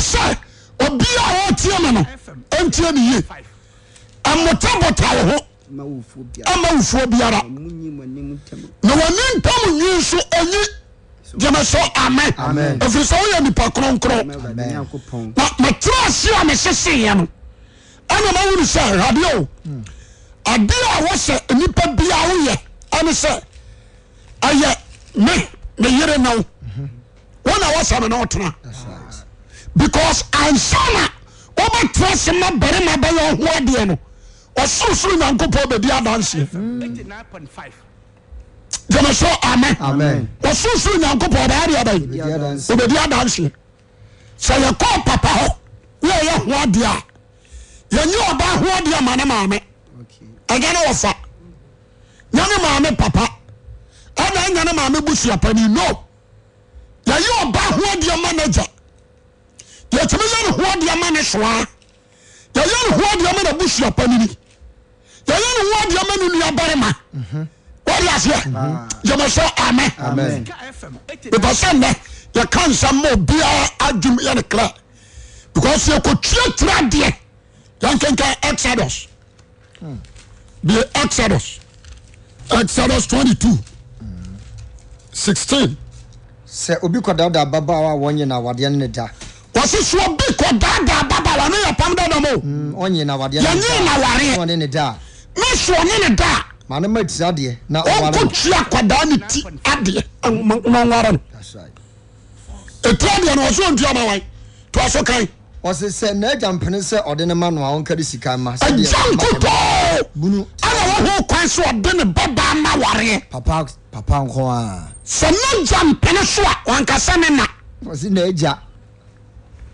sɛ ɔbiaa wɔɔtie me no ɛntie miyi ɔmota bota wo ho ama wo foɔ biara mawɔninpam wi nso ɔyi game so amɛ ɛfiri sɛ woyɛ nipa kronkron na matra se a me seseɛ no ɛnamawune sɛ habeo abia wo sɛ nnipa bia woyɛ ane sɛ ɛyɛ me me yere noo wona wosɛ mene otena because ansana wobɛtua sɛm ma barima bɛyɛ hoadeɛ no ɔsorosoro nyankopɔ bɛdidansɛ so sorosoro nyankopɔ ebɛdadnsɛ sɛ yɛ papa hɔyɛ hoadeɛ ɛbahoadeɛmane mam ns anemm apaamm bsapaneno ɛɔba hoadeɛ manage yɛtumi yɛ ne hoɔ deɛ ma ne soa yɛyɛ ne hoɔ na busua panini yɛyɛ ne hoɔ deɛ ma ne nuabarima wɔde aseɛ ah. yɛmɛ sɛ amen bepɛ sɛ nnɛ yɛka nsɛm ma obiara adwum yɛ ne kra because yɛkɔtuatura deɛ yɛnkenka exodus bi exodus exodus 22 16 sɛ obi kɔdawda ababaawa a wɔnyɛ no awadeɛ no ne da wɔsi soɔ bi kɔ daadaa baba wa ne yɛ pam dada mo. Mm, ɔnye na wadeɛ yɛn nye na wareɛ ɔne ne da ne soɔ ne ne da. maa ne ma ti sa deɛ na ɔware ɔnkɔ tia akwadaa ne ti adeɛ ɔnwara no etu adeɛ na ɔsɔ ntua ma wa yi to aso kan. ɔsi sɛ n'agya mpene sɛ ɔde ne ma no a ɔnkari sika ma. ɛgya nkutɔɔ ɛna wɔho kwan so ɔde ne bɛba ma wareɛ. papa papa nkɔ a. sɛ n'agya mpene so a wankasa ne na. ɔsi n'agya.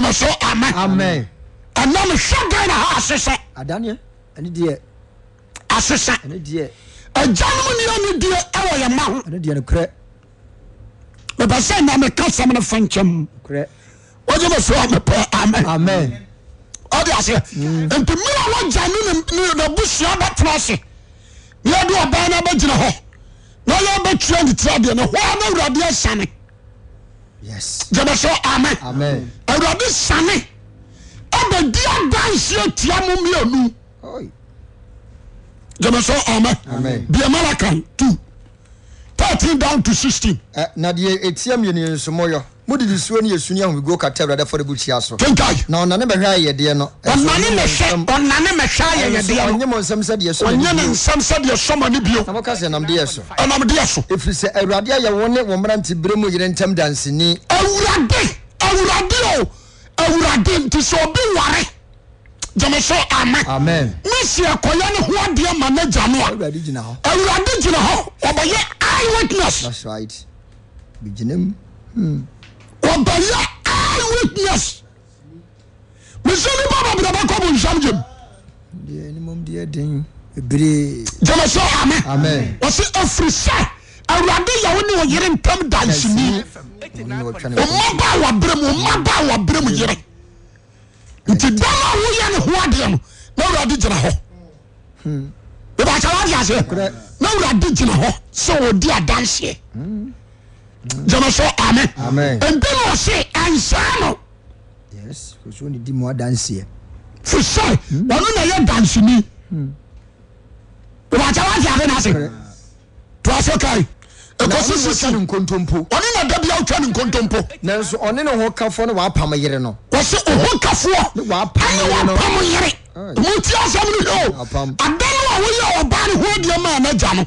moso ama anamehwɛ dann ha asesa asesan agyanom neyanedie wo yɛ maho bebɛ sɛ nameka sɛmeno fa nkem emoso mp e mpmi woya n nabusua batemase yede ba n bagyina ho na yɛbatua ntitira den hona wurade sane Amen. gyabɛsɛ amɛ awurade sane abɛdi adanseɛ tia mo mmienu gyabɛsɛ amɛ deɛ malakan 2 thirteen down to sixteen. na deɛ ɛtia mmienu yɛ nsomɔyɔ mudidi suo ni esu ni ahun go kata awurade afɔrebu kyia so. kinkai. na ɔnane mɛhwɛ ayɛdeɛ no. ɔnane mɛhwɛ ɔnane mɛhwɛ ayɛdeɛ no. ɔnye mo nsɛm sɛ deɛ ni bio. ɔnye ne nsɛm sɛ deɛ ni bio. na mo ka sɛ nam so. ɛnam deɛ so. efiri sɛ awurade ayɛ wɔn ne wɔn mmerante bere mu yere ntɛm dansini. awurade awurade o awurade nti sɛ obi ware jẹmẹsọ amen mẹsì ẹkọyẹ ni hu adiẹ ma ne jamu a awurade gyina hɔ awurade gyina hɔ ɔbɛyɛ eye witness. that's right ɔbɛyɛ ah, eye witness mesɛ nipa babrabɛkɔ bo nsam gyem gyama sɛ ame ɔse ɛfiri sɛ awurade yɛwo ne ɔyere ntam danseni ɔma ba waberɛ mu ɔma ba waberɛ mu yere nti dama woyɛ ne ho adeɛ no na awurade gyina hɔ bɛbɛkyɛ hmm. wadeɛ aseɛ na awurade gyina hɔ sɛ ɔdi adanseɛ hmm jẹmọ sọ amen ẹnbí na ọsẹ ẹnsá no. yes kòsó hmm. ni hmm. di mu adansi yẹ. fisai wọn na yẹ dansi ni wàjà wàjà adé n'ase tó aṣọ káyì ekosi sisi ɔne na dabi awo twa ne nkontompo. nanso ɔne ne ho kafo ne wapam yere no. wɔsi oho kafoɔ ɛne wapam yere mu ti asɛm ni yio adan wa woyɛ ɔbaa ne ho diɛ maa n'agya no.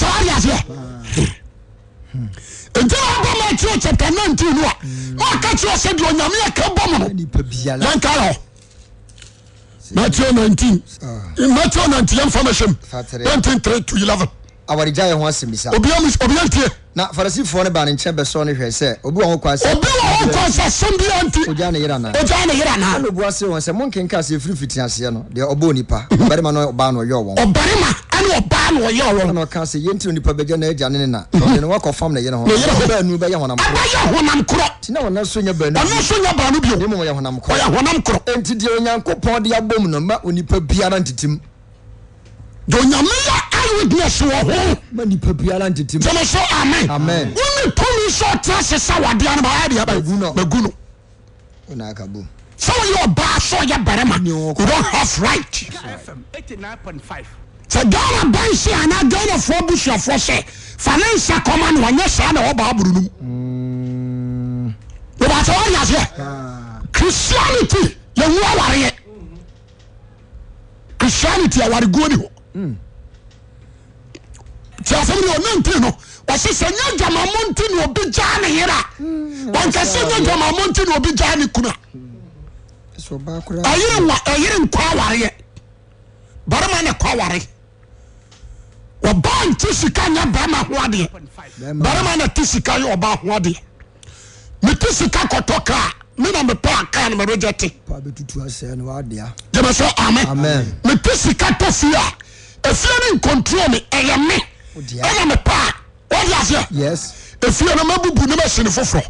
entiwbo mat tete nanti no a mo aka ki osɛ bi onyameyɛ ka bo mu noyankara 1mato19 yɛmfa nosyem 3 to 11 awaregya yɛ ho asɛmmisa obi am obi antie na farasi no baa ne nkyɛn bɛsɔ ne hwɛ sɛ obi wɔ ho kwa sɛ obi wɔ ho kwa sɛ asɛm bi anti ogya ne yera naa ogya ne yera naa ɛna obu ase wɔn sɛ monkenka sɛ efiri fiti aseɛ no deɛ ɔbɔ onipa ɔbarima no ɔbaa no ɔyɛ wɔn ɔbarima ɛna ɔbaa no ɔyɛ wɔn ɛna ɔka sɛ yɛn onipa bɛgya na agya ne ne na ɔde ne wakɔ fam na yɛn ho ɔbɛ bɛnu bɛyɛ na ɔna so nyɛ bɛnu ɔna so nyɛ bɛnu bio ne mu ɔyɛ honam korɔ ɔyɛ honam korɔ nti deɛ onyankopɔn de abom no biara ntitim deɛ onyame yɛ witness wɔ ho. ma nipa biara n tètè mu. jọmọ sọ amen. amen. wọn ni tómi sọ ọtí asesa wà di anamọ ayé di yaba egu nọ. egu nọ. o n'a ka yóò bá aṣọ yẹ bẹrẹ ma you don't have right. sẹ Ghana bẹ́ǹsì àná Ghana fọ busuafọ sẹ fanensa kọ́má ni wọ́n nyẹ sáà na ọba aburú nu. o b'a wọ́n yà sẹ́ Christianity yẹ wú awari yẹ Christianity awari guoni hɔ. tiasamre ɔnantri no sesɛ ya damamnti ne ob gya ne yera mm. nkasɛ y mm. amamnti nob gyane kunayere nkoawareɛ mm. baremana kɔa ware ba nte sika ya bamahoade baramana te sika hoadɛ mete sika ktokaa menamepaaka ne mrey te ms sn ɛna me paa wode aseɛ ɛfie no mabubu ne masene foforɔ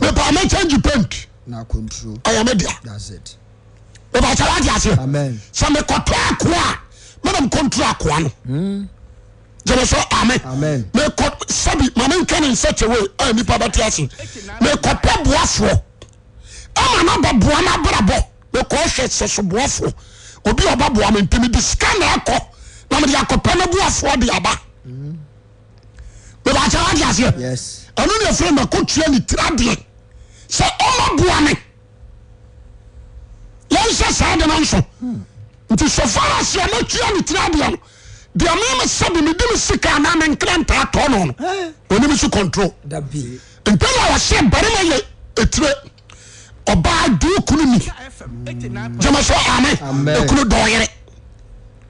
mepaa mɛkyangye paint ɛyɛ me dea mebakyɛ wode aseɛ sɛ mekɔtɔ akoa a mena mekɔntro akoa no jẹbẹ hmm. sọ amen mekọ sabi maame nkẹ ni nsẹkyẹwe ẹ nipa bẹ ti ase mekọ pẹ buafo ama n'aba bua n'abrabọ mekọ ọhwẹ sẹsọ buafo obi ọba bua mi ntẹmi di sika na ẹkọ. medeako peno boa fo de ba ebaades nnfk tan tira de s omobuane ense sadenonso nti sofars ma tuan tra do dmeme sebmedemo sikenkrenttonso ontrlse baremye tir ba doo kunoni s r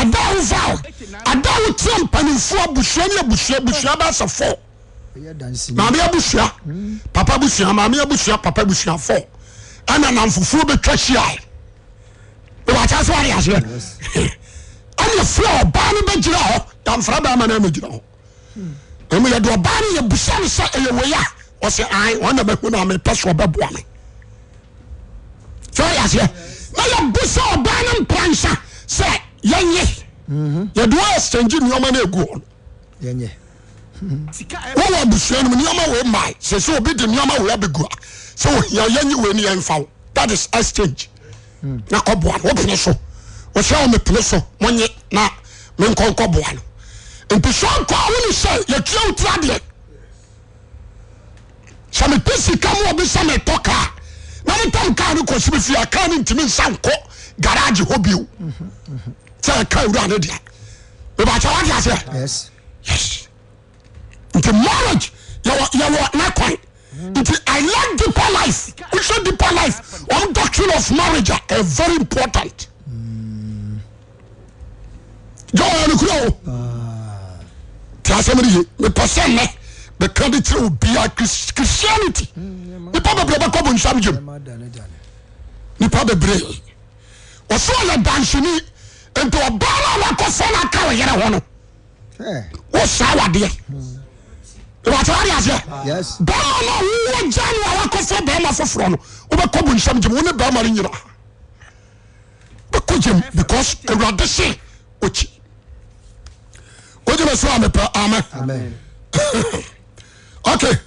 adao va adao tea panfo busua usa s se a Mm-hmm. yɛde wɔ exchange nneɛma no agu hɔ wowɔ abusua no mu nneɛma wei mmae sɛ sɛ obi de nneɛma wei abɛgu a sɛ yɛyɛnye wei ne yɛmfa wo that is exchange mm. na kɔboa no wopene so wɔhyɛ wo mepene so monye na menkɔ nkɔboa no nti so nkɔ wo ne sɛ yɛtua wo tira deɛ sɛ mepe sika mu ɔbi sɛ metɔ kaa na metam kaa no kɔsi me fie a kaa no ntimi nsa nkɔ garage hɔ bio mm-hmm. Mm-hmm. e int marriage yewo no int ilk depelie depe lie on doctrine of marriage a very important aseeye oee bekae christianity nip bebr eko ae ipbebr osole banseni tobane wa ko so na aka eyere hono osa wa deye ewa tara rease be me n we janu wako fo be ma foforo no obe ko bo nsam im wone ba mare yer obe ko jem because ra dise oi ojem seame pa amen ok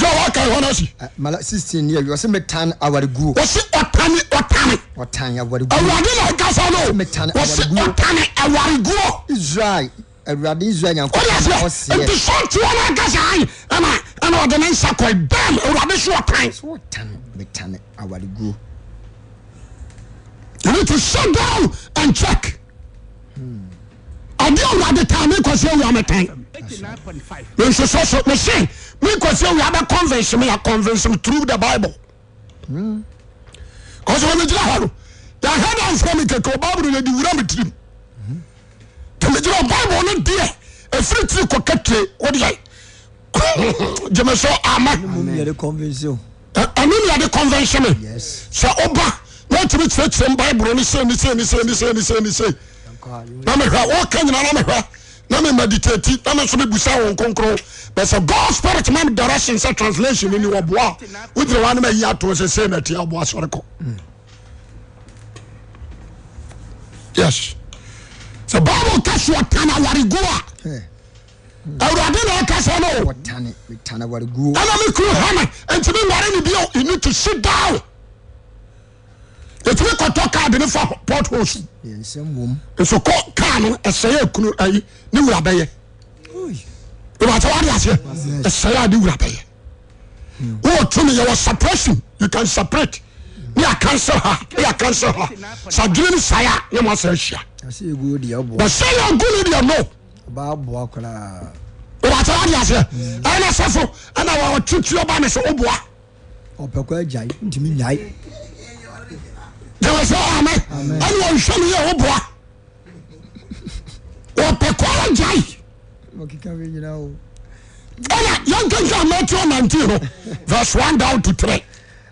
jọ wa kan wọn si. mala sixteen ni ẹwì ọsẹ mi tan awari guo. o si ọtani ọtani. ọtani awari guo. awurade na gasa no. ọsẹ mi awari guo. o si ọtani awari guo. israel awurade israel yan kọ ọsẹ. o de se nti sọ wọn na gasa ayi ẹna ẹna ọdẹ ne nsa kọ ẹdẹm awurade si ọtan. sọ ọtan mi tan awari guo. you need to shut down and check. Hmm. ddeta meks met esusoso mee meko onenton oeo te e oento s bbe s na mehwɛ woka nyina na mehwɛ na me meditati na me nso mebusa wo nkonkron but sɛ god spirit ma me direction sɛ translation ni wɔboa wogyina wa ne mayi atoɔ sɛ sei nati aboa sɔre kɔ yes sɛ bible ka so ɔtane awarego a awurade na ɔka no ɛna me kuro hane enti menware ne bio you need to sit down ɛtumi kɔtɔ kaa de ne fa port hose nso kɔ kaa no ɛsɛyɛ akunu ayi ne wura bɛyɛ ìbàtà wà á di aseɛ ɛsɛyɛ a ne wura bɛyɛ hmm. wọ́n tún mi yɛ wɔ separation you can separate ne yà cancel ha ne yà cancel ha sadiri ni saya ne ma sɛ ɛhyia bɛsɛ yɛ agu ni deɛ no ìbàtà wà á di aseɛ hmm. ɛna sɛfo ɛna wà á tuntun ɔba mi sɛ ɔbua. ọ̀pẹ̀kọ̀ ẹ̀já yìí ntumi nyá yìí dẹwọ sọ amẹ ẹni wọn hwẹ mi yẹ wọn bọ wọn pẹ kọlọ jai ẹna yẹn kankan Matthew nineteen no verse one down to three.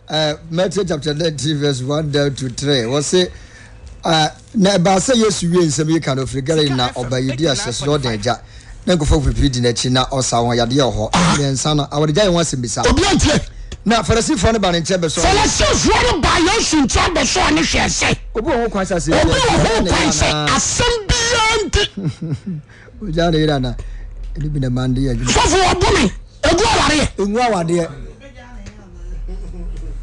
Uh, Matthew chapter nineteen verse one down to three wọ́n sẹ́. na ɛbaasa yesu wie nsɛm yi ka no ɔfiri galile na ɔba yɛdi ahyɛ soro ɔden agya na nkɔfo pipiri di n'akyi na ɔsa wɔn yadeɛ wɔ hɔ mmiɛnsa ah. no awɔde gya yɛn ho asɛm bisa obi antie na farisifoɔ no ba ne nkyɛn bɛsɔ. farisifoɔ no ba yesu nkyɛn bɛsɔ ne hwɛ sɛ. obi wɔ ho kwan sase. obi wɔ ho kwan sɛ asɛm biara nti. ojá ne yira ana ebi bi na maa n de yɛ adwuma. fɔfɔ wɔ bɔnɛ egu awadeɛ. egu awadeɛ.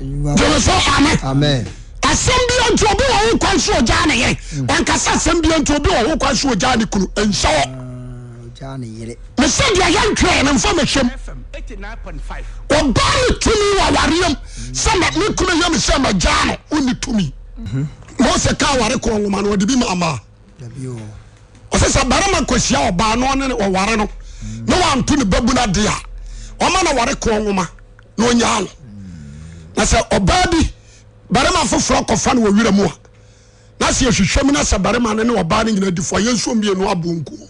jọlọ sọ amen. amen. asɛm biara nti obi wɔ ho kwan sɛ ojá ne yɛ mm. wankasa asɛm biara nti obi wɔ ho kwan sɛ ojá ne kunu nsɛwɔ sika ne yere. mesɛ deɛ yɛntwerɛ no mfa mehyɛm ɔbaa ne tumi wɔ awareyam sɛ ne kunu yɛ me sɛ magyaa no wonni tumi na ɔsɛ ka aware kɔ nwoma no ɔde bi ma amaa ɔsɛ sɛ barima kɔhyia ɔbaa no ɔne ɔware no wa wanto ne babu no ade a ɔma no ware kɔ nwoma na ɔnyaa no na sɛ ɔbaa bi barima foforɔ kɔfa no wɔ werɛ mu a na sɛ yɛhwehwɛ mu na sɛ barima no ne ɔbaa no nyina di fo a yɛnsuo mmienu abɔ nkuo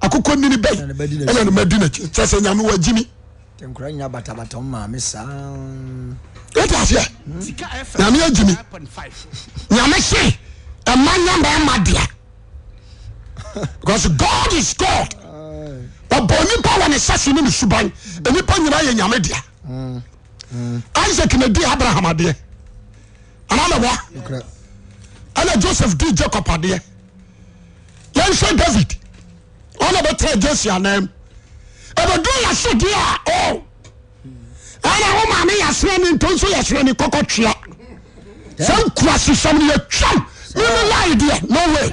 akokɔ nini bɛyi ɛna ne madi n'akyi sɛ sɛ nyame wa gyimi. nyame agyimi nyame se ɛma hmm? nya mɛɛma dea because God is God ɔbɔ nipa wɔ ne sase ne ne suban hmm. nipa nyinaa yɛ nyame dea hmm. Isaac na di Abraham adeɛ anamɛwa ɛna Joseph di Jacob adeɛ yɛnhwɛ David. ɔna bɛtɛ jesi anan ɛbɛdu yasɛ di a o ɛna wɔn maame yasɛ ni ntɔn so yasɛ ni kɔkɔ tia sɛ nkura sisɛm ni yɛ twam mímu láyé diɛ no way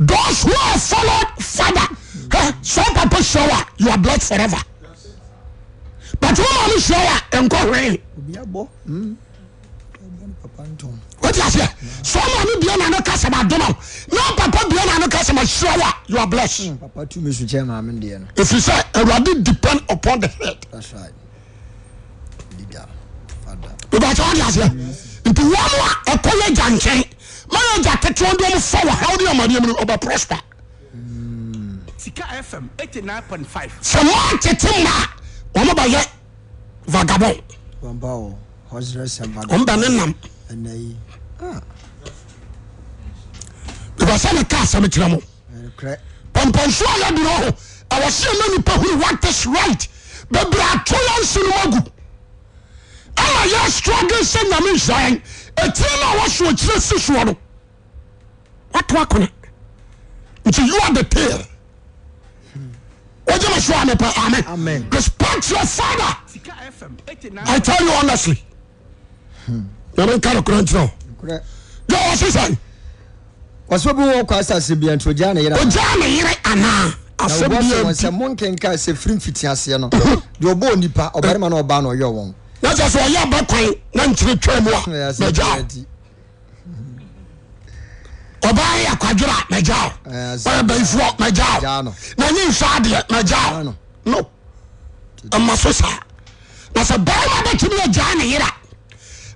those who have followed father sɛ papa sɛ wa you are blessed forever but wɔn maame sɛ wa nkɔ hwee wati ase so ma mi bia na ne kasa ma dɔn na na papa bia wa you are blessed. Hmm, papa tu mi su kyɛn maa mi deɛ no. efi sɛ depend upon the head. that's right leader father. ìbàjẹ́ wọ́n di ase nti wɔn a ɛkɔ yɛ gya nkyɛn mɛyɛ gya ketewa bi wɔn fa wɔ ha wɔn yɛ ɔmadeɛ mu ɔbɛ prosper. Hmm. sika fm eighty nine point five. sɛ wɔn tete mmaa wɔn bɛ yɛ vagabond ɔmba ne nam ah. bibasɛ ne ka asɛm kyerɛ mo eh, pɔmpɔnso a yɛdurɔ ho ɛwɔ sɛ ma nipa huru what is right bebrɛ ato yɛ nso no agu ama yɛ struggle sɛ nyame nhyira yɛn ɛtiri no a wɔso akyirɛ si soɔ no wato akone nti you are the tail wogye me so amepa amen respect your father i tell you honestly menkanokra kyerɛ se sɛ ɔsmɛ biwɔkɔasɛ sɛ biayaneereya ne yere anaasɛ monkemkasɛ fri fiti aseɛ no deɛ ɔbɔ nipa ɔbarima ne ɔba nɔyɛwɔsɛɔyɛ bako nankere wɛa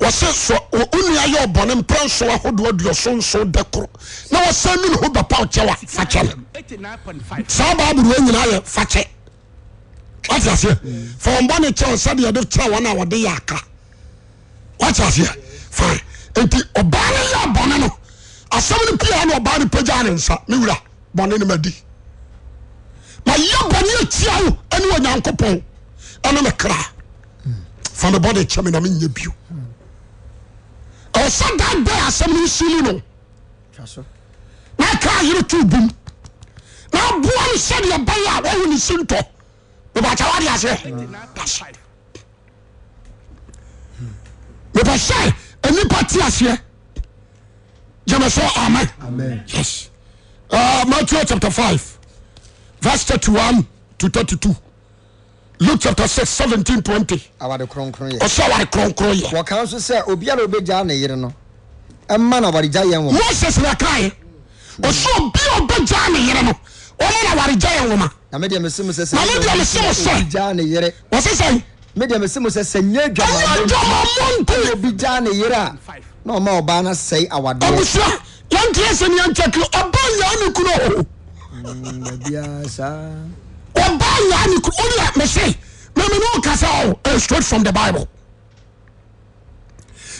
wɔse so wonua yɛ ɔbɔne mprɛ nso ahodoɔ aduɔso nso da koro na wɔsan nu ne ho bɛpa kyɛ a fakyɛ no saa baaburoa nyinaa yɛ fakyɛ wate aseɛ fa wɔmbɔ ne kyɛw sɛdeɛ de kyerɛ wɔn a wɔde yɛ akra wate aseɛ fine enti ɔbaa ni yɛ bɔne no asɛm no pia ne ɔbaa no pagya ne nsa ne wura bɔne no madi mayɛ bɔne atia wo ɛne onyankopɔn ɛne me kra fa me bɔde kyɛ me na menyɛ bio mm. sedabaasemine sili no maka yeri to bum mabuamse de baya waweni sinto ebatawadeas ebase anipatiasɛ gemeso amen yes uh, mato chapter 5 verse 31 to 32 luke chapter six seventeen twenty. awari kronkron yɛ. ɔsɛ awari kronkron yɛ. wɔkan so sɛ obiara obe gya ne yere no ɛma na awari gya yɛn wɔn. moses na ka yɛ ɔsɛ obiara obe gya ne yere no ɔmo na awari gya yɛn wɔn ma. na mi deɛ mi si mu sɛ sɛ. na mi deɛ mi si mu sɛ. gya ne yere. wɔsi sɛ. mi deɛ mi si mu sɛ sɛ nye dwamamɔ. ɛyɛ dwamamɔ nti. obi gya ne yere a na ɔma ɔbaa na sɛɛ awadeɛ. ɔbusua yantie sɛ ni yantie kiri ɔbaa yɛn ọba yà ni kò ó yà mí sè mímí ní o ọ ẹ straight from the bible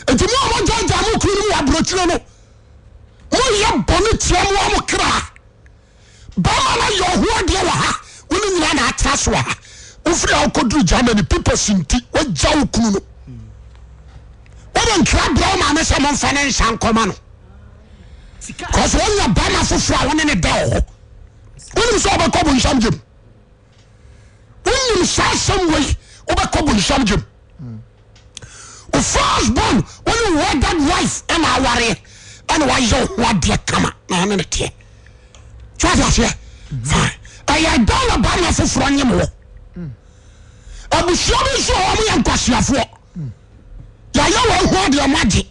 ètò mu àwọn jọjọ àwọn okùnrin mu wà aburokyire no wọn yẹ bọni tiẹ mu wọn kira bàmà náà yọ ọhún adìẹ wà ha wọn ni nyinaa náà atra so wà ha wofiri àwọn koduru germany pipa si nti wọn gya okùn no wọn bẹ nkira bẹrẹ ọmọ àmì sẹ mo nfa ne nsa nkọma no kọsọ wọn yẹ bàmà foforọ àwọn ne ne da ọhọ wọn ni sọ ọbẹ kọ bọ nsàm wonim saa sɛm wei wobɛkɔ bonsam gyem wo first born wone wedded wife ɛna awareɛ ɛne wayɛ wo ho adeɛ kama na ane ne teɛ sɛdeaseɛ fine ɛyɛ da na ba ne afoforɔ nyem wɔ abusua bi nso wɔ mo yɛ nkwaseafoɔ yɛyɛ wɔ ho adeɛ magye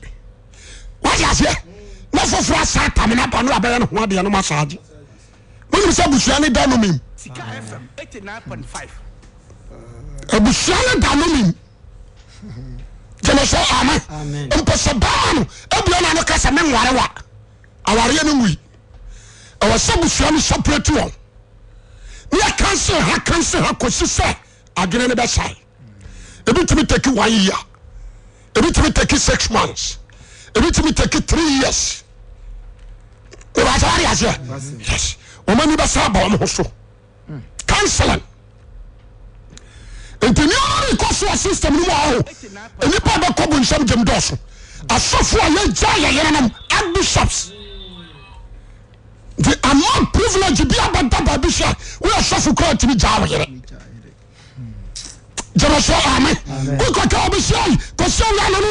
wadeaseɛ na foforɔ asa atame no aba no abɛyɛ ne ho adeɛ no masaagye wonim sɛ abusua ne da no mim abusua ne da nomi gyeme ame mpo sɛ baa no abua na no ka sɛ menware wa awareɛ no wui ɛwɔ sɛ abusua no sɛprɛti wɔn ne yɛkanse ha kanse ha kɔsi sɛ adwene no bɛsae ebi tumi taki one year ebi tumi taki six months ebi tumi taki three years ebi ati wari yes wɔn ani bɛsa abɔ wɔn ho so hmm. counseling. tnrkosa system n enibabekobnsam jem dos asfaye jayyernem absop te ama privilege babadabbs e sf kratimi jayer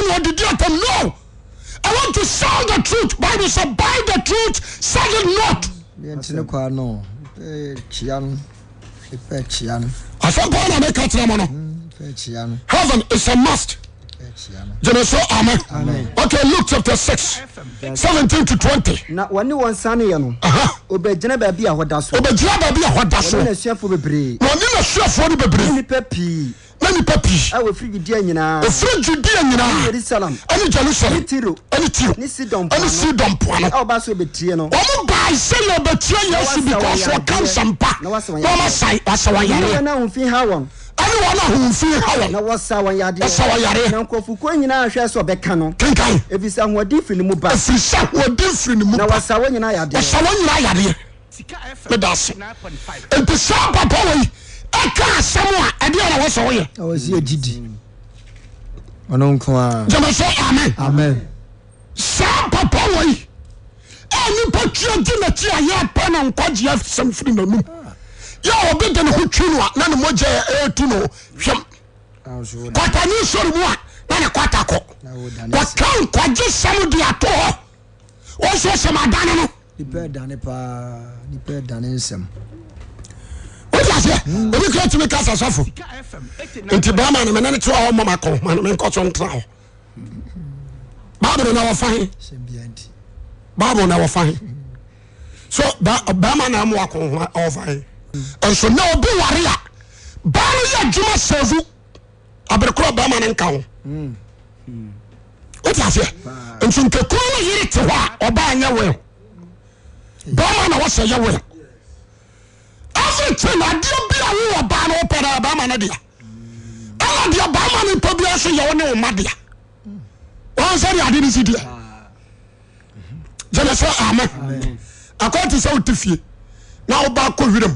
lndd no te tte tnot i aa heven i amast jẹmẹ sọ amen okay luke chapter six seventeen to twenty. na wọn ni wọn sanni yẹn no obìnrin baabi a wọ́n da so. obìnrin baabi a wọ́n da so. wọn ni nasuafo bebree. wọn ni nasuafo ni bebree. nipa pii. na nipa pii. a wofiri judea nyinaa. wofiri judea nyinaa. ɛni jerusalem. ɛni jerusalem. ɛni tiro. ɛni tiro. ni sidon puano. ɛni sidon puano. a ɔba so bɛ tie no. wɔn ba ɛsɛ na ɔbɛ tie yɛsu bi kɔ so ɔka nsɛmpa. na wɔn asa wɔn yare. na wɔn asa wɔn yare ɛne wɔn a hunfin ha wɔn. na wɔsa wɔn yadeɛ. wɔsa wɔn yadeɛ. na nkurɔfokuo nyinaa ahwɛ sɛ ɔbɛka no. kankan. efisɛ ahoɔden firi ne mu ba. efisɛ ahoɔden firi ne mu ba. na wɔsa wɔn nyinaa yadeɛ. wɔsa wɔn nyinaa yadeɛ. ne da ase. nti sɛ papa wɔ yi ɛka asɛm a ɛdeɛ na wɔsɔ wɔyɛ. awɔ si yɛ didi. ɔno nko a. jɛmɛsɛ amen. amen. sɛ papa wɔ yi a nipa tia di n'akyi a yɛ apɛ na nkɔgye asɛm firi n'anum yɛ obi de ne ho twi no a na ne mogya ɛtu no hwɛm kwatane sɔre mu a na ne kwata kɔ wɔka nkwagye sɛm de ato hɔ wɔnso sɛm adane no wode aseɛ hmm. obi kra tumi ka sasafo nti bɛma no mene ne tewa hɔ mama kɔ ma no menkɔ so ntra hɔ bible na wɔfa he bible na wɔfa he so bɛma na amoa kɔ ɔfa he nso na obi ware a baa no yɛ adwuma sɛvu aberekoro bɛrima no nka ho wote aseɛ nso nkekuro no yere te hɔ a ɔbaa nyɛ wɛl bɛrima na wɔsɛ yɛ wɛl everything adeɛ bi a wowɔ baa no wopɛ dɛ bɛrima no dea ɛna deɛ bɛrima no mpa biara so yɛwo ne wo ma dea wɔn sɛ de ade no si deɛ gyene sɛ amen akɔ te sɛ wote fie na wobaa kɔ werɛ mu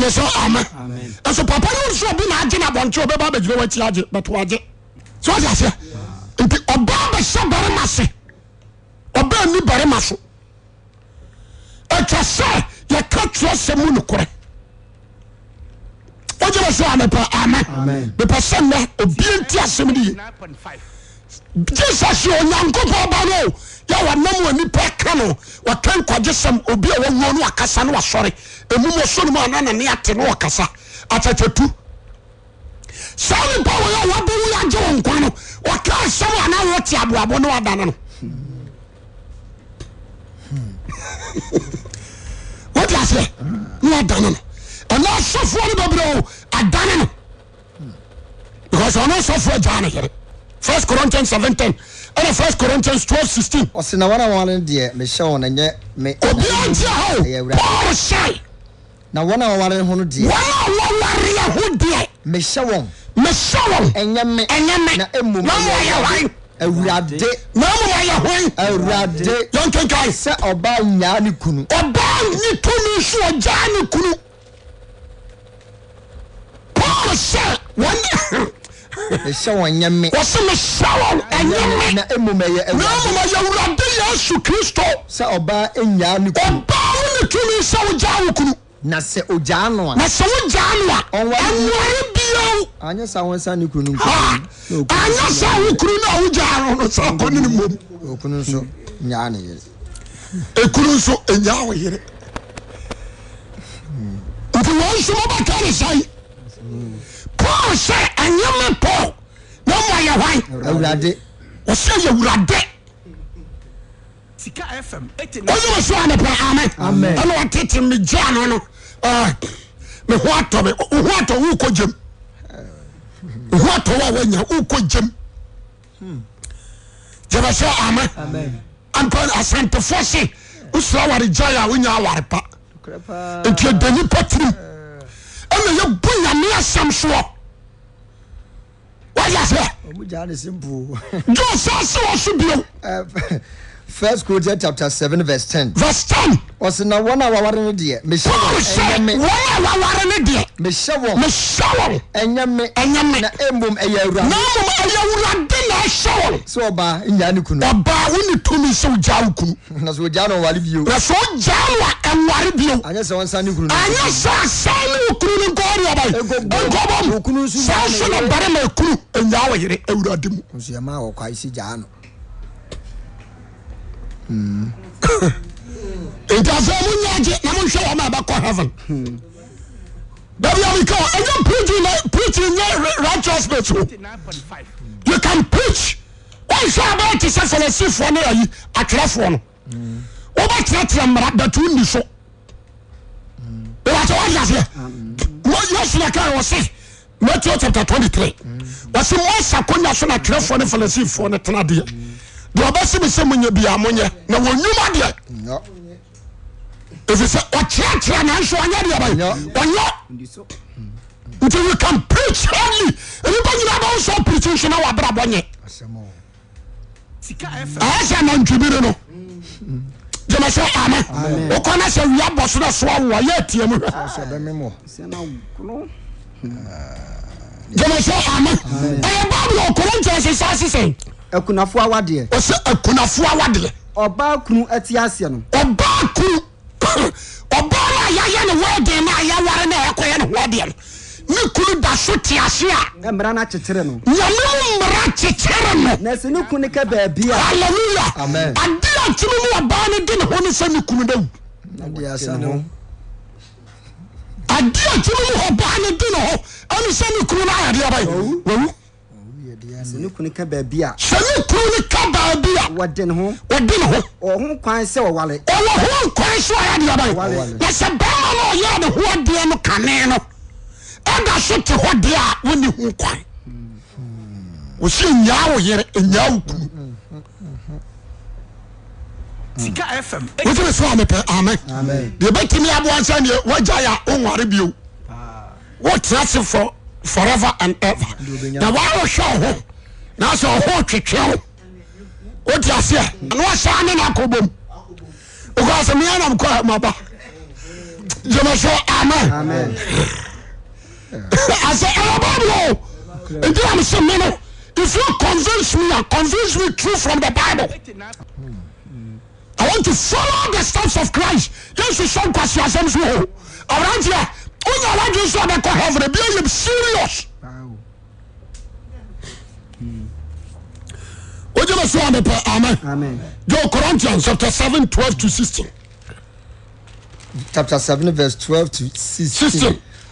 mese ame eso papayem soobina ajena bontheobbeji wacie betwaje sss nti oba bese barema se oba ni barema se eta sa yeka tue se muno kure ojeneso anepa ame eposen obienti asmineye jisess onyankupon baneo yà wà nam wà nípa ka no wàtá nkwagye sam obi a wàwuo no wakasa no wasɔre emu mu ɔsoro mu anan nani ate no wakasa atatatu saa nipa wɔ yɛ wabɛwu yɛ agye wɔn kwan no wàtá asam anan wɔ te aboabo no wadane no wọ́n ti ase ní wadane no ɛnna asɔfoɔ no bɛbɛrɛ o adane no because ɔno asɔfoɔ gyaa ne yɛrɛ First Corinthians seven ten. 1 eɛ hyɛyɛmn rmehyɛ w yɛ me nmwrde sɛ ɔba nya ne kna ɛhyɛ wɔn nyɛ me. wɔsi mi sawal ɛnyɛ me. na emu ma ɛyɛ ɛwura. na emu ma ɛyɛ ɛwura de yesu kristo. sɛ ɔbaa enyaa ne kunu. ɔbaa wo ne tumi sɛ ɔgya wo kunu. na sɛ ɔgya ano a. na sɛ ɔgya ano a. ɛnwari biawo. anya sa wɔn nsa ne kunu nkunu. anya sa wo kunu na ɔgya ano no sɛ ɔkɔ ne ne mom. okunu nso nyaa ne yere. ekunu nso enyaa wo yere. Hmm. nti wɔn nso mo bɛ kɛ one sɛ ayema po na mua ye hai ose yowura de oyebesowanepe ame anea tite me janeno ehte hoato woko em ohoatowwaya woko jem jabeso ama asante fo se osuro ware jaa woya aware pa intiademi pa tirim eneye boyameasam so wáyé sẹ. ọmú jà ni simple. jọ sáàsì eh, First Corinthians chapter seven verse ten. verse ten. ọ̀sìn na wọn a wàwárí ni diẹ. mehyẹ wọn ẹ̀yẹ mi. wọn a wàwárí ni diẹ. mehyẹ wọn. mehyẹ wọn. ẹ̀yẹ mi. ẹ̀yẹ mi. na emom ẹ̀yẹ na emom ẹ̀yẹ ewura di na ẹhyẹ wọn. sọ ọba nya ni kunu. ọba awo ni tumi sọ ọjà kunu. na sọ ọjà náà wàrí bi o. na sọ ọjà náà ẹwàrí bi o. anyẹ sẹ wọn sá ni kunu. anyẹ sẹ waba nkɔbɔm saa so na barima ekuru enyaa wɔ yere awurade mu. nsuyama wɔ kwa esi gyaa no. Hmm. nti afɔ mu nyaagye na mu nhwɛ wɔn a bɛkɔ heaven. Hmm. dabi a mi ka ɛnyɛ preaching na preaching nye righteousness o you can preach wɔn nhwɛ abɛɛ ti sɛ fɛlɛsifoɔ ne ayi atwerɛfoɔ no hmm. wɔbɛ tẹ̀rẹ̀tẹ̀rẹ̀ mmara datu ndi so ìwà tí wọ́n di aseɛ yesu na kaa wɔ se matthew chapter twenty three wɔ se mose akonnwa so na twerɛfoɔ ne falasifoɔ ne tena deɛ deɛ ɔbɛsi mi sɛ mo nyɛ biara mo nyɛ na wɔn nyuma deɛ efisɛ ɔkyerɛkyerɛ nanso ɔnyɛ deɛ bɛyɛ ɔnyɛ nti you can preach only nipa nyinaa bɛ nsɔ preaching so na wabrabɔ nyɛ ɛyɛ sɛ nantwibiri no jẹmẹ sẹ amẹ o kọ náà sẹ wíyá bọ sọdọ sọ wọ yẹ tiẹ mu hwẹ jẹmẹ sẹ amẹ ẹ yẹ báwo ni ọkùnrin jẹ ẹsẹ sáà sísẹ. ẹkùnàfọ awadeẹ. o sẹ ẹkùnàfọ awadeẹ. ọbaa kunu ẹti aseɛ no. ọbaa kunu ọbaa náà yà yẹ ni wọ́ọ̀dì náà yà wọ́ọ̀rẹ́ náà yà yẹ ni wọ́ọ̀dì náà ne kunu da so te ase a. mmara no akyekyere no. nyame mu mmara kyekyere no. na ne kunu ka beebi a. hallelujah amen. adi a tunu mu ɔbaa no di ne ho ne sɛ kunu dewu. adi asa ne ho. adi a tunu mu ɔbaa no di ne ho ɛne sɛ kunu no ayɛ deɛ bɛyɛ wɔwu. sani kunu ka baabi a. sani kunu ni ka a. wɔde ne ho. wɔde ne ho. ɔho kwan sɛ ɔwale. ɔwɔ ho kwan sɛ ɔyɛ adeɛ bɛyɛ. na sɛ bɛrɛ ma na ɔyɛ ɔde ho adeɛ no kane no. dasthde nh yao ebɛtimiabasɛd waa oware bi wotenase forever and ever wawohwɛho nshotwetw odaseɛ ansanenkbom ks manamkmba ems amen as a bible nti na sɛ me no if you convince me and convince me true from the bible i want to follow the steps of christ yesu sɛ nkwasi asɛm so ho awranteɛ wonya wadwe so abɛkɔ heaven bia yɛ serious wogyeme so amepɛ amen jo corinthians chapter seven, twelve to sixteen. chapter seven, verse twelve to sixteen.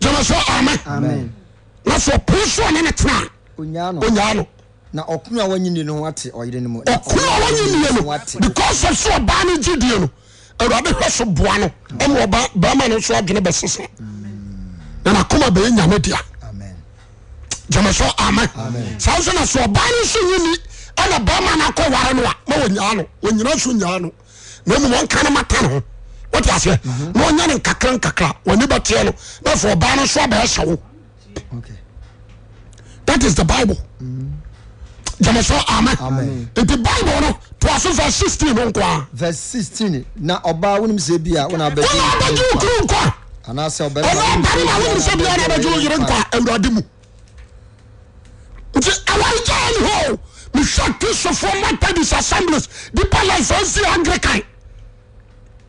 gyamɛso ama na so ɔpo sone ne tenaa ya n wyeni n becausesoɔba no gyidie n awrude hwɛ so boa nonbama no nso adwene bɛsese nanakoma bɛyɛ nyame dea gyamso mswsonaoɔba no nsoyeni ɛna bama noɔare nmanyinan kan wote aseɛ mhm. na ɔnya ne nkakra nkakra w'ani bɛteɛ no na afɔ ɔbaa no nso abɛɛhyɛ wo that is the bible jẹmọ mhm. sọ amen nti bible no to aso verse sixteen no nkwa. verse sixteen na ọba awonum sẹ bi a wọn abẹ ju okuru nkwa anaasẹ ọbẹ náà wọn abẹ ju okuru nkwa ọba awonum sẹ bi a wọn abẹ ju okuru nkwa ewurade mu nti awọn jẹ ẹni hɔ mihwẹ anglican.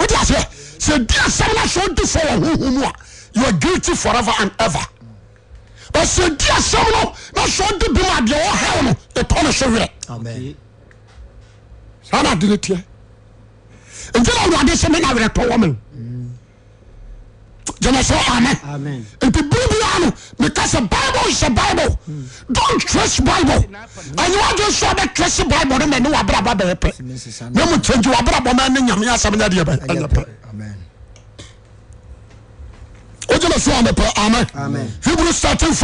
wodiaseɛ sɛ di asɛm no sɛ ode so wa hohomu a youare guilty forever and ever but sɛ di asɛm no na sɛ ode bom adeɛ wɔ he no etɔ oh, no swe werɛ sana ade ne tia nfi na wurade se mena were tɔ wo meno yeneso ame no que bible is a bible don't trust bible ɛnyɛ wagye so to trace bible no ma ne bɛyɛ pɛ na mu kyɛnkyi wabrabɔ ma ne nyame asɛm nyɛ deɛ Amen. pɛ wogyina so amen. amen hebrews 13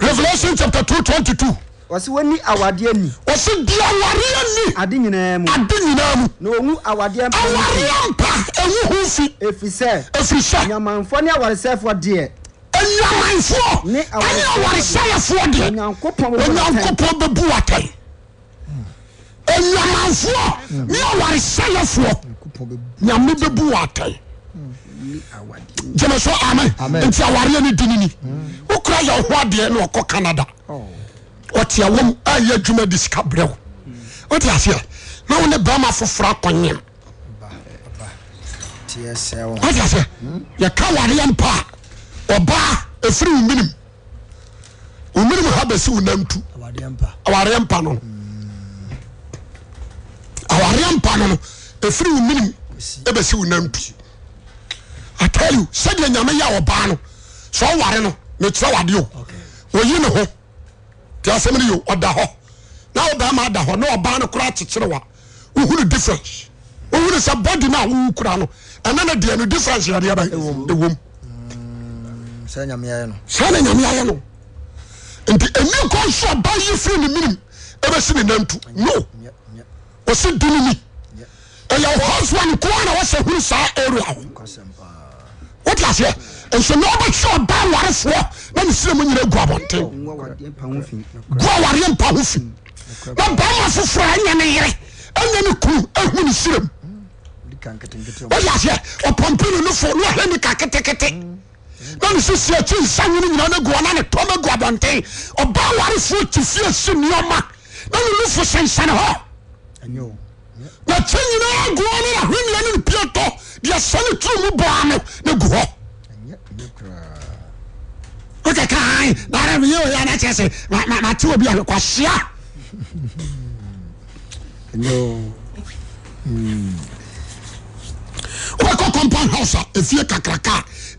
revelation chapter 2 22 wɔsi wɔn ni awadeɛ ni. wɔsi di awareɛ ni. adi nyinaa mu. adi nyinaa mu. na ohun awadeɛ mpa. awareɛ mpa ewu fi. onyamanfoɔ ɛne awaresɛyɛfoɔ deɛ onyankopɔn bɛbu watae onyamanfoɔ ne awaresɛyɛfoɔ nyame bɛbu watae gyeme so amen nti awareɛ no dinini mm. wokora yɛ ho adeɛ na ɔkɔ canada oh. ɔteɛ wom a yɛ adwuma de sika brɛw mm. wote aseɛ na wo ne bɛrima foforɔ akɔnyem wote aseɛ mm. yɛka awareɛ mpa a ɔbaa ɛfiri wo minim wo minim ha bɛsi wo nantu awareɛ mpa no awareɛ mpa no no ɛfiri wo minim ɛbɛsi e wo you sɛdeɛ nyame yɛ ɔbaa no sɛ ɔware no mekyerɛ wade o ɔyi ne ho nti asɛm no yo ɔda hɔ na wobɛma ada hɔ na ɔbaa no koraa kyekyere wa wohunu difference wohunu sɛ body no a wowokura no ɛna no deɛ no difference yɛdeɛ bɛ ɛwom sane yameano nti enikosba yefiri no mini besene nant no ose dunomi yh nws u saaara wotea sɛ nsneke ba waref nane serem yeaguabnt gua warempaho fi obama soforo yene yere yene ko ahuno seremwta sɛ pompnn f nnka ketekete na ne sisi akyi nsa nwene nyina no gu ɔna ne tɔ no gu abɔnten ɔba warefoɔ ti fie si nneɔma na ne nufo sensane hɔ na kyɛ nyinaa gu ɔ no nahoenyina ne nepie tɔ deɛ sɔne turo mu bɔa no ne gu hɔ wokɛka naaremeyɛoyɛnakyɛ sɛ mate obi a kwahyea wobɛkɔ compound house a ɛfie kakraka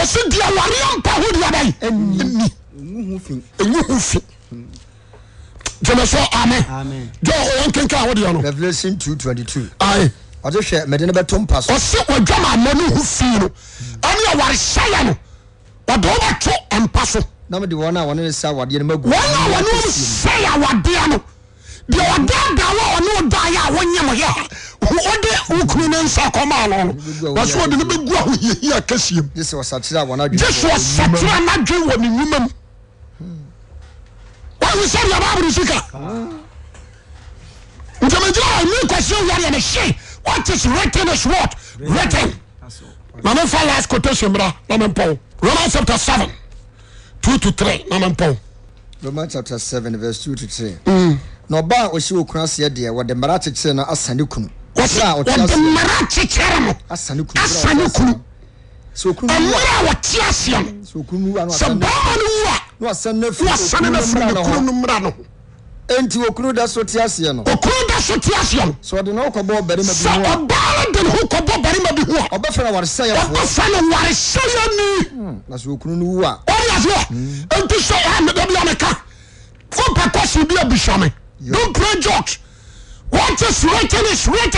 ɔsi di awari ampa ho di abayi ɛni ɛnyi ho fi jẹmẹsọ amen jọ ọwọn kankan awọn diyan no. Revelation two twenty two. ayi. ɔde hwɛ mɛde ne bɛ to mpa so. ɔsi ɔdwa maa mɛ ne ho fi no ɛni awari sayɛ no ɔde ɔba to mpa so. na mo de wɔn a wɔn ne sa awadeɛ no ma gu. wɔn a wɔn ne sa awadeɛ no. deɛ ɔdaadaa wɔ ɔne ɔdaeɛ a wonyam yɛ wode wo kunu ne nsa kɔmaa no no wɔso wɔde no bɛgu ahohiahi akɛsie m gye sɛ ɔsakyera n'adwen wɔ ne nnwuma mu wahu sɛ deɛ baabere sika ntamagyina a ne kwasi wadeɛ ne hye what is written is what written na memfa last quotation mmra na mempɔw romans chapter 7 2 to 3 na mempɔw romans chapter 7 verse 2 to 3 mm. na ɔbaa ɔhyɛ wɔ kuna seɛ deɛ wɔde mmara akyekyere no asa ne kunu wɔde mmara akyekyere no asa ne kunu wa ɛmmerɛ a wɔte aseɛ no sɛ bɔɔma no wu fu wɔsane na fu na kunu no no enti okunu da so te aseɛ no okunu da so te aseɛ no so ɔde na ho kɔbɔ barima bi ho a sɛ ɔbaa no de ne ho kɔbɔ barima bi ho a ɔbɛfɛ no waresɛyɛfoɔ ɔbɛfɛ no ni na so okunu no wa o ya so enti sɛ ɛmeda bi a meka wopɛ kɔ so bi abusame Don't play jokes. What is written is written.